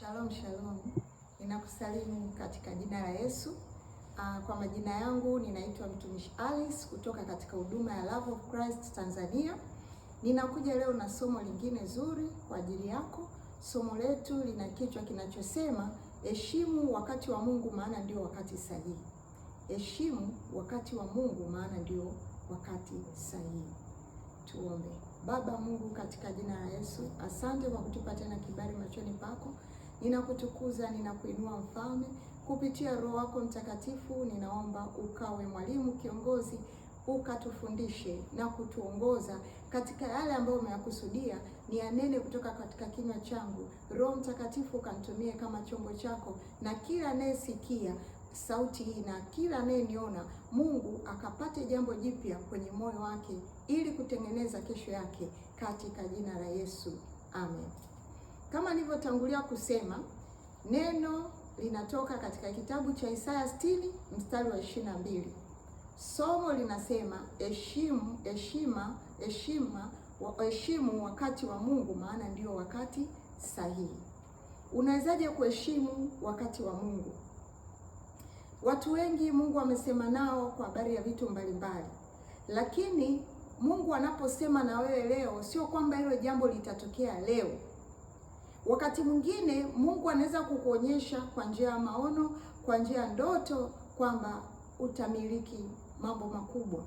Shalom shalom, ninakusalimu katika jina la Yesu. Ah, kwa majina yangu ninaitwa mtumishi Alice kutoka katika huduma ya Love of Christ Tanzania. Ninakuja leo na somo lingine zuri kwa ajili yako. Somo letu lina kichwa kinachosema heshimu wakati wa Mungu maana ndio wakati sahihi. Heshimu wakati wa Mungu maana ndio wakati sahihi. Tuombe. Baba Mungu, katika jina la Yesu, asante kwa kutupa tena kibali machoni pako. Ninakutukuza, ninakuinua Mfalme. Kupitia Roho wako Mtakatifu, ninaomba ukawe mwalimu, kiongozi, ukatufundishe na kutuongoza katika yale ambayo umeyakusudia ni yanene kutoka katika kinywa changu. Roho Mtakatifu ukanitumie kama chombo chako, na kila anayesikia sauti hii na kila anayeniona, Mungu akapate jambo jipya kwenye moyo wake ili kutengeneza kesho yake katika jina la Yesu, amen. Kama nilivyotangulia kusema, neno linatoka katika kitabu cha Isaya 60 mstari wa 22. Somo linasema heshimu, heshima, heshima, heshimu wakati wa Mungu, maana ndio wakati sahihi. Unawezaje kuheshimu wakati wa Mungu? Watu wengi Mungu amesema nao kwa habari ya vitu mbalimbali, lakini Mungu anaposema na wewe leo, sio kwamba hilo jambo litatokea leo Wakati mwingine Mungu anaweza kukuonyesha kwa njia ya maono, kwa njia ya ndoto kwamba utamiliki mambo makubwa,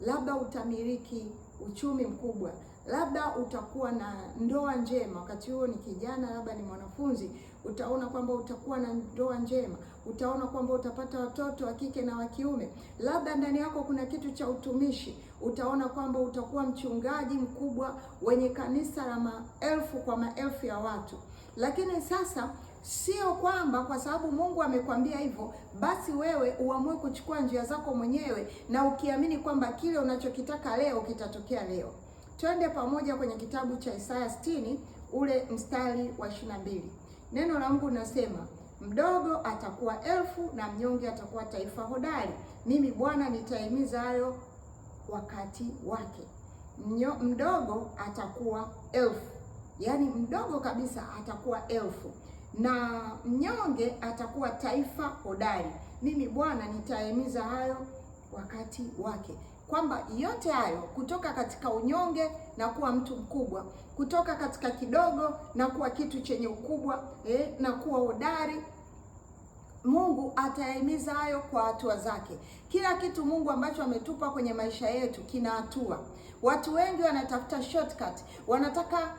labda utamiliki uchumi mkubwa, labda utakuwa na ndoa njema. Wakati huo ni kijana, labda ni mwanafunzi, utaona kwamba utakuwa na ndoa njema, utaona kwamba utapata watoto wa kike na wa kiume. Labda ndani yako kuna kitu cha utumishi, utaona kwamba utakuwa mchungaji mkubwa wenye kanisa la maelfu kwa maelfu ya watu. Lakini sasa sio kwamba kwa sababu Mungu amekwambia hivyo basi wewe uamue kuchukua njia zako mwenyewe na ukiamini kwamba kile unachokitaka leo kitatokea leo. Twende pamoja kwenye kitabu cha Isaya 60 ule mstari wa 22. Neno la Mungu linasema mdogo atakuwa elfu na mnyonge atakuwa taifa hodari. Mimi Bwana nitaimiza hayo wakati wake. Mnyo, mdogo atakuwa elfu, yaani mdogo kabisa atakuwa elfu na mnyonge atakuwa taifa hodari. Mimi Bwana nitaimiza hayo wakati wake kwamba yote hayo kutoka katika unyonge na kuwa mtu mkubwa, kutoka katika kidogo na kuwa kitu chenye ukubwa eh, na kuwa hodari Mungu atayahimiza hayo kwa hatua zake. Kila kitu Mungu ambacho ametupa kwenye maisha yetu kina hatua. Watu wengi wanatafuta shortcut, wanataka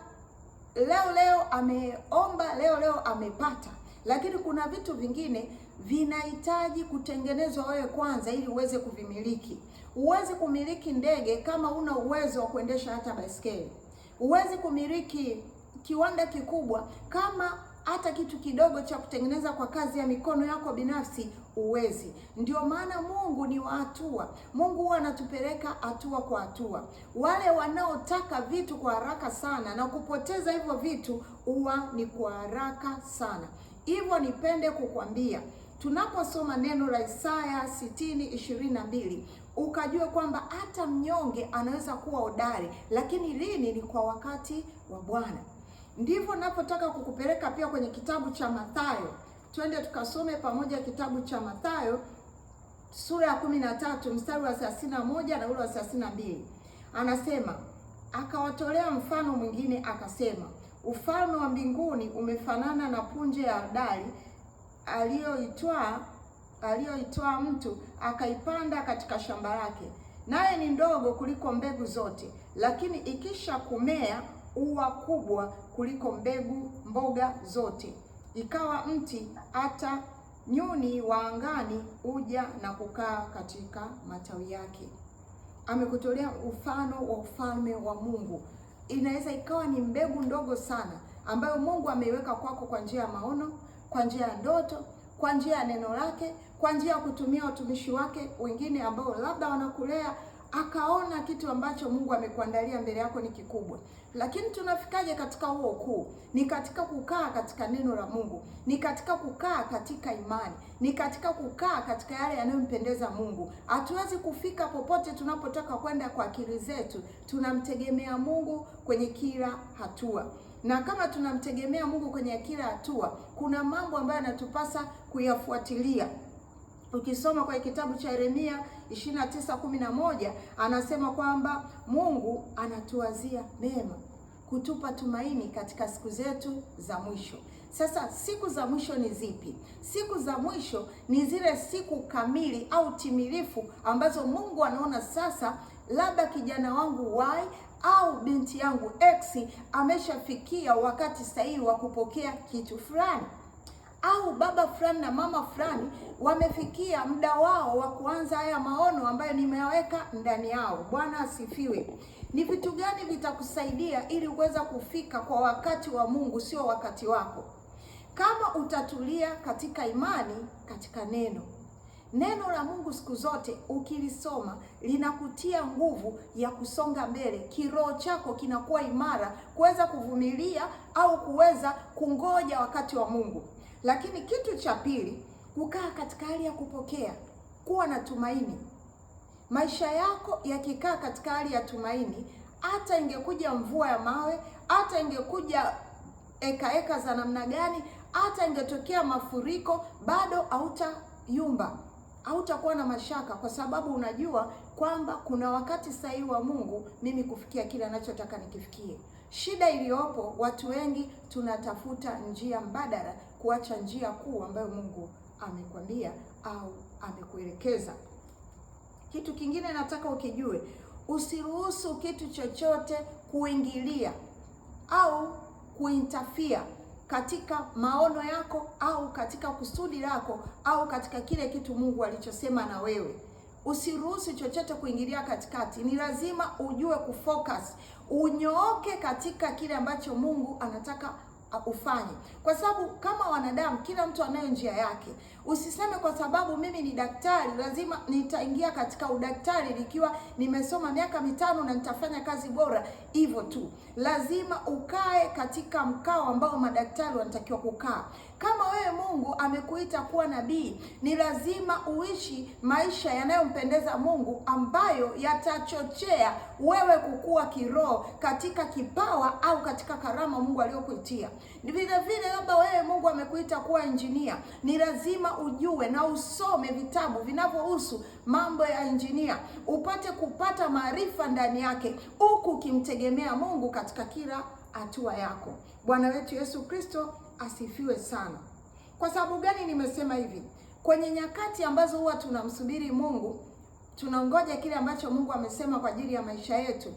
leo leo ameomba, leo leo amepata, lakini kuna vitu vingine vinahitaji kutengenezwa wewe kwanza, ili uweze kuvimiliki. uwezi kumiliki ndege kama una uwezo wa kuendesha hata baiskeli. uwezi kumiliki kiwanda kikubwa kama hata kitu kidogo cha kutengeneza kwa kazi ya mikono yako binafsi uwezi. Ndio maana Mungu ni wa hatua. Mungu huwa anatupeleka hatua kwa hatua. Wale wanaotaka vitu kwa haraka sana na kupoteza hivyo vitu huwa ni kwa haraka sana. Hivyo nipende kukwambia tunaposoma neno la Isaya 60:22 ukajue kwamba hata mnyonge anaweza kuwa hodari, lakini lini? Ni kwa wakati wa Bwana. Ndivyo napotaka kukupeleka pia kwenye kitabu cha Mathayo, twende tukasome pamoja kitabu cha Mathayo sura ya 13 mstari wa 31 na ule wa 32, anasema akawatolea mfano mwingine akasema, ufalme wa mbinguni umefanana na punje ya ardali aliyoitwaa aliyoitwaa mtu akaipanda katika shamba lake, naye ni ndogo kuliko mbegu zote, lakini ikisha kumea uwa kubwa kuliko mbegu mboga zote, ikawa mti, hata nyuni wa angani uja na kukaa katika matawi yake. Amekutolea mfano wa ufalme wa Mungu. Inaweza ikawa ni mbegu ndogo sana ambayo Mungu ameiweka kwako kwa njia ya maono kwa njia ya ndoto, kwa njia ya neno lake, kwa njia ya kutumia watumishi wake wengine ambao labda wanakulea akaona kitu ambacho Mungu amekuandalia mbele yako ni kikubwa. Lakini tunafikaje katika huo ukuu? Ni katika kukaa katika neno la Mungu, ni katika kukaa katika imani, ni katika kukaa katika yale yanayompendeza Mungu. Hatuwezi kufika popote tunapotaka kwenda kwa akili zetu, tunamtegemea Mungu kwenye kila hatua na kama tunamtegemea Mungu kwenye kila hatua, kuna mambo ambayo yanatupasa kuyafuatilia. Ukisoma kwa kitabu cha Yeremia 29:11 anasema kwamba Mungu anatuwazia mema, kutupa tumaini katika siku zetu za mwisho. Sasa siku za mwisho ni zipi? Siku za mwisho ni zile siku kamili au timilifu ambazo Mungu anaona sasa, labda kijana wangu wai au binti yangu X ameshafikia wakati sahihi wa kupokea kitu fulani au baba fulani na mama fulani wamefikia muda wao wa kuanza haya maono ambayo nimeweka ndani yao. Bwana asifiwe. Ni vitu gani vitakusaidia ili uweza kufika kwa wakati wa Mungu, sio wakati wako? Kama utatulia katika imani, katika neno Neno la Mungu siku zote ukilisoma linakutia nguvu ya kusonga mbele. Kiroho chako kinakuwa imara kuweza kuvumilia au kuweza kungoja wakati wa Mungu. Lakini kitu cha pili, kukaa katika hali ya kupokea, kuwa na tumaini. Maisha yako yakikaa katika hali ya tumaini, hata ingekuja mvua ya mawe, hata ingekuja eka eka za namna gani, hata ingetokea mafuriko, bado hautayumba hautakuwa na mashaka, kwa sababu unajua kwamba kuna wakati sahihi wa Mungu mimi kufikia kile anachotaka nikifikie. Shida iliyopo, watu wengi tunatafuta njia mbadala, kuacha njia kuu ambayo Mungu amekwambia au amekuelekeza. Kitu kingine nataka ukijue, usiruhusu kitu chochote kuingilia au kuintafia katika maono yako au katika kusudi lako au katika kile kitu Mungu alichosema na wewe. Usiruhusu chochote kuingilia katikati. Ni lazima ujue kufocus, unyooke katika kile ambacho Mungu anataka ufanye, kwa sababu kama wanadamu, kila mtu anayo njia yake. Usiseme kwa sababu mimi ni daktari lazima nitaingia katika udaktari nikiwa nimesoma miaka mitano na nitafanya kazi bora hivyo tu. Lazima ukae katika mkao ambao madaktari wanatakiwa kukaa. Kama wewe Mungu amekuita kuwa nabii, ni lazima uishi maisha yanayompendeza Mungu ambayo yatachochea wewe kukua kiroho katika kipawa au katika karama Mungu aliyokuitia. Vile vile, labda wewe Mungu amekuita kuwa injinia, ni lazima ujue na usome vitabu vinavyohusu mambo ya injinia, upate kupata maarifa ndani yake, huku ukimtegemea Mungu katika kila hatua yako. Bwana wetu Yesu Kristo asifiwe sana. Kwa sababu gani nimesema hivi? Kwenye nyakati ambazo huwa tunamsubiri Mungu, tunangoja kile ambacho Mungu amesema kwa ajili ya maisha yetu,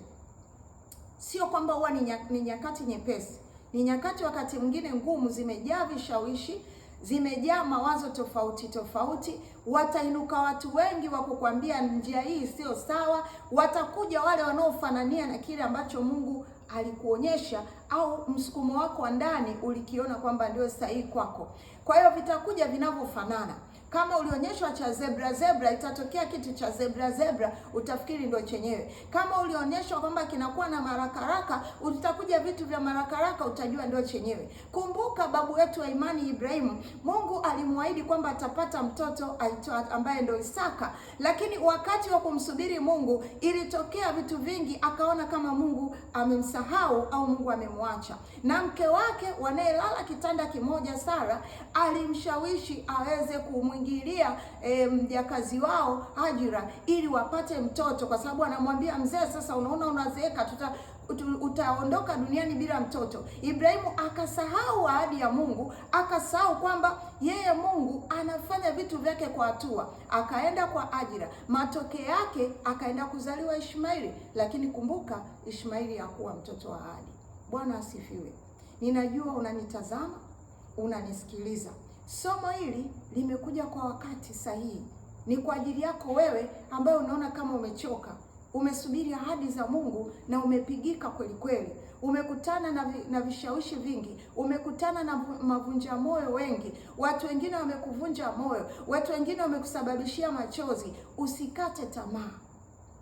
sio kwamba huwa ni nyakati nyepesi, ni nyakati wakati mwingine ngumu, zimejaa vishawishi, zimejaa mawazo tofauti tofauti. Watainuka watu wengi wa kukwambia njia hii sio sawa, watakuja wale wanaofanania na kile ambacho Mungu alikuonyesha au msukumo wako wa ndani ulikiona kwamba ndio sahihi kwako. Kwa hiyo vitakuja vinavyofanana. Kama ulionyeshwa cha zebra zebra, itatokea kitu cha zebra zebra, utafikiri ndio chenyewe. Kama ulionyeshwa kwamba kinakuwa na marakaraka, utakuja vitu vya marakaraka, utajua ndio chenyewe. Kumbuka babu wetu wa imani Ibrahimu, Mungu alimwahidi kwamba atapata mtoto ambaye ndio Isaka, lakini wakati wa kumsubiri Mungu ilitokea vitu vingi, akaona kama Mungu amemsahau au Mungu amemwacha. Na mke wake wanayelala kitanda kimoja, Sara, alimshawishi aweze kuumwa kumwingilia e, mjakazi wao ajira ili wapate mtoto, kwa sababu anamwambia mzee, sasa unaona unazeeka, tuta utaondoka duniani bila mtoto. Ibrahimu akasahau ahadi ya Mungu, akasahau kwamba yeye Mungu anafanya vitu vyake kwa hatua, akaenda kwa ajira. Matokeo yake akaenda kuzaliwa Ishmaili, lakini kumbuka, Ishmaili hakuwa mtoto wa ahadi. Bwana asifiwe. Ninajua unanitazama, unanisikiliza. Somo hili limekuja kwa wakati sahihi, ni kwa ajili yako wewe ambaye unaona kama umechoka, umesubiri ahadi za Mungu na umepigika kweli kweli, umekutana na, vi, na vishawishi vingi, umekutana na mavunja moyo wengi, watu wengine wamekuvunja moyo, watu wengine wamekusababishia machozi. Usikate tamaa,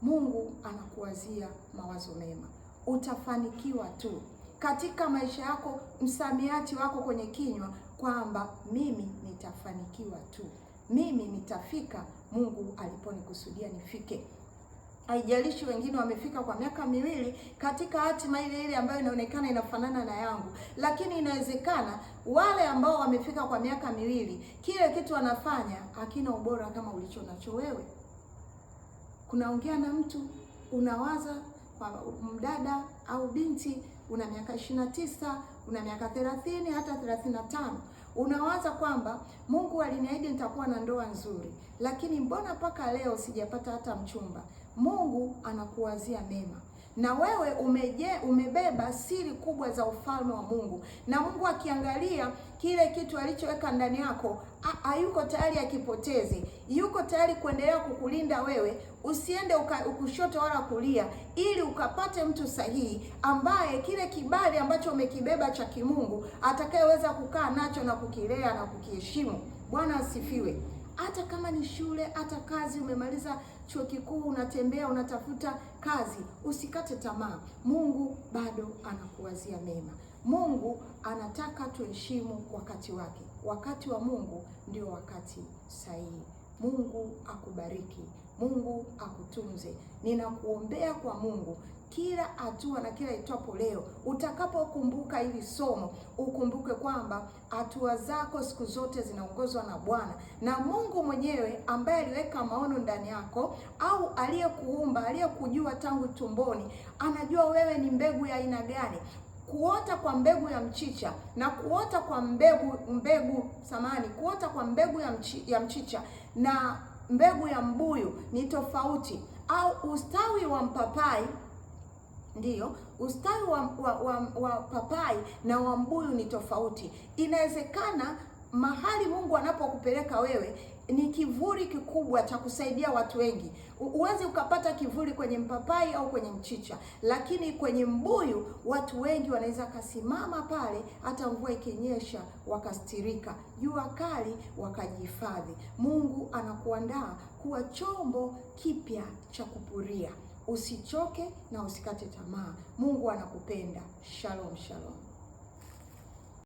Mungu anakuwazia mawazo mema, utafanikiwa tu katika maisha yako. Msamiati wako kwenye kinywa kwamba mimi nitafanikiwa tu, mimi nitafika Mungu aliponikusudia nifike. Haijalishi wengine wamefika kwa miaka miwili katika hatima ile ile ambayo inaonekana inafanana na yangu, lakini inawezekana wale ambao wamefika kwa miaka miwili, kile kitu wanafanya hakina ubora kama ulicho nacho wewe. Kunaongea na mtu unawaza, mdada au binti, una miaka ishirini na tisa una miaka 30 hata 35, tano unawaza kwamba Mungu aliniahidi nitakuwa na ndoa nzuri, lakini mbona mpaka leo sijapata hata mchumba? Mungu anakuwazia mema na wewe umeje, umebeba siri kubwa za ufalme wa Mungu, na Mungu akiangalia kile kitu alichoweka ndani yako hayuko tayari akipoteze, yuko tayari kuendelea kukulinda wewe usiende uka, ukushoto wala kulia, ili ukapate mtu sahihi ambaye kile kibali ambacho umekibeba cha kimungu atakayeweza kukaa nacho na kukilea na kukiheshimu. Bwana asifiwe. Hata kama ni shule, hata kazi, umemaliza chuo kikuu, unatembea unatafuta kazi, usikate tamaa. Mungu bado anakuwazia mema. Mungu anataka tuheshimu wakati wake. Wakati wa Mungu ndio wakati sahihi. Mungu akubariki, Mungu akutunze. Ninakuombea kwa Mungu kila hatua na kila itwapo leo, utakapokumbuka hili somo, ukumbuke kwamba hatua zako siku zote zinaongozwa na Bwana na Mungu mwenyewe ambaye aliweka maono ndani yako, au aliyekuumba, aliyekujua tangu tumboni, anajua wewe ni mbegu ya aina gani kuota kwa mbegu ya mchicha na kuota kwa mbegu mbegu samani, kuota kwa mbegu ya, mchi, ya mchicha na mbegu ya mbuyu ni tofauti, au ustawi wa mpapai ndiyo ustawi wa, wa, wa, wa papai na wa mbuyu ni tofauti. Inawezekana mahali Mungu anapokupeleka wewe ni kivuli kikubwa cha kusaidia watu wengi. Huwezi ukapata kivuli kwenye mpapai au kwenye mchicha, lakini kwenye mbuyu watu wengi wanaweza kasimama pale, hata mvua ikinyesha wakastirika, jua kali wakajihifadhi. Mungu anakuandaa kuwa chombo kipya cha kupuria. Usichoke na usikate tamaa. Mungu anakupenda. Shalom, shalom.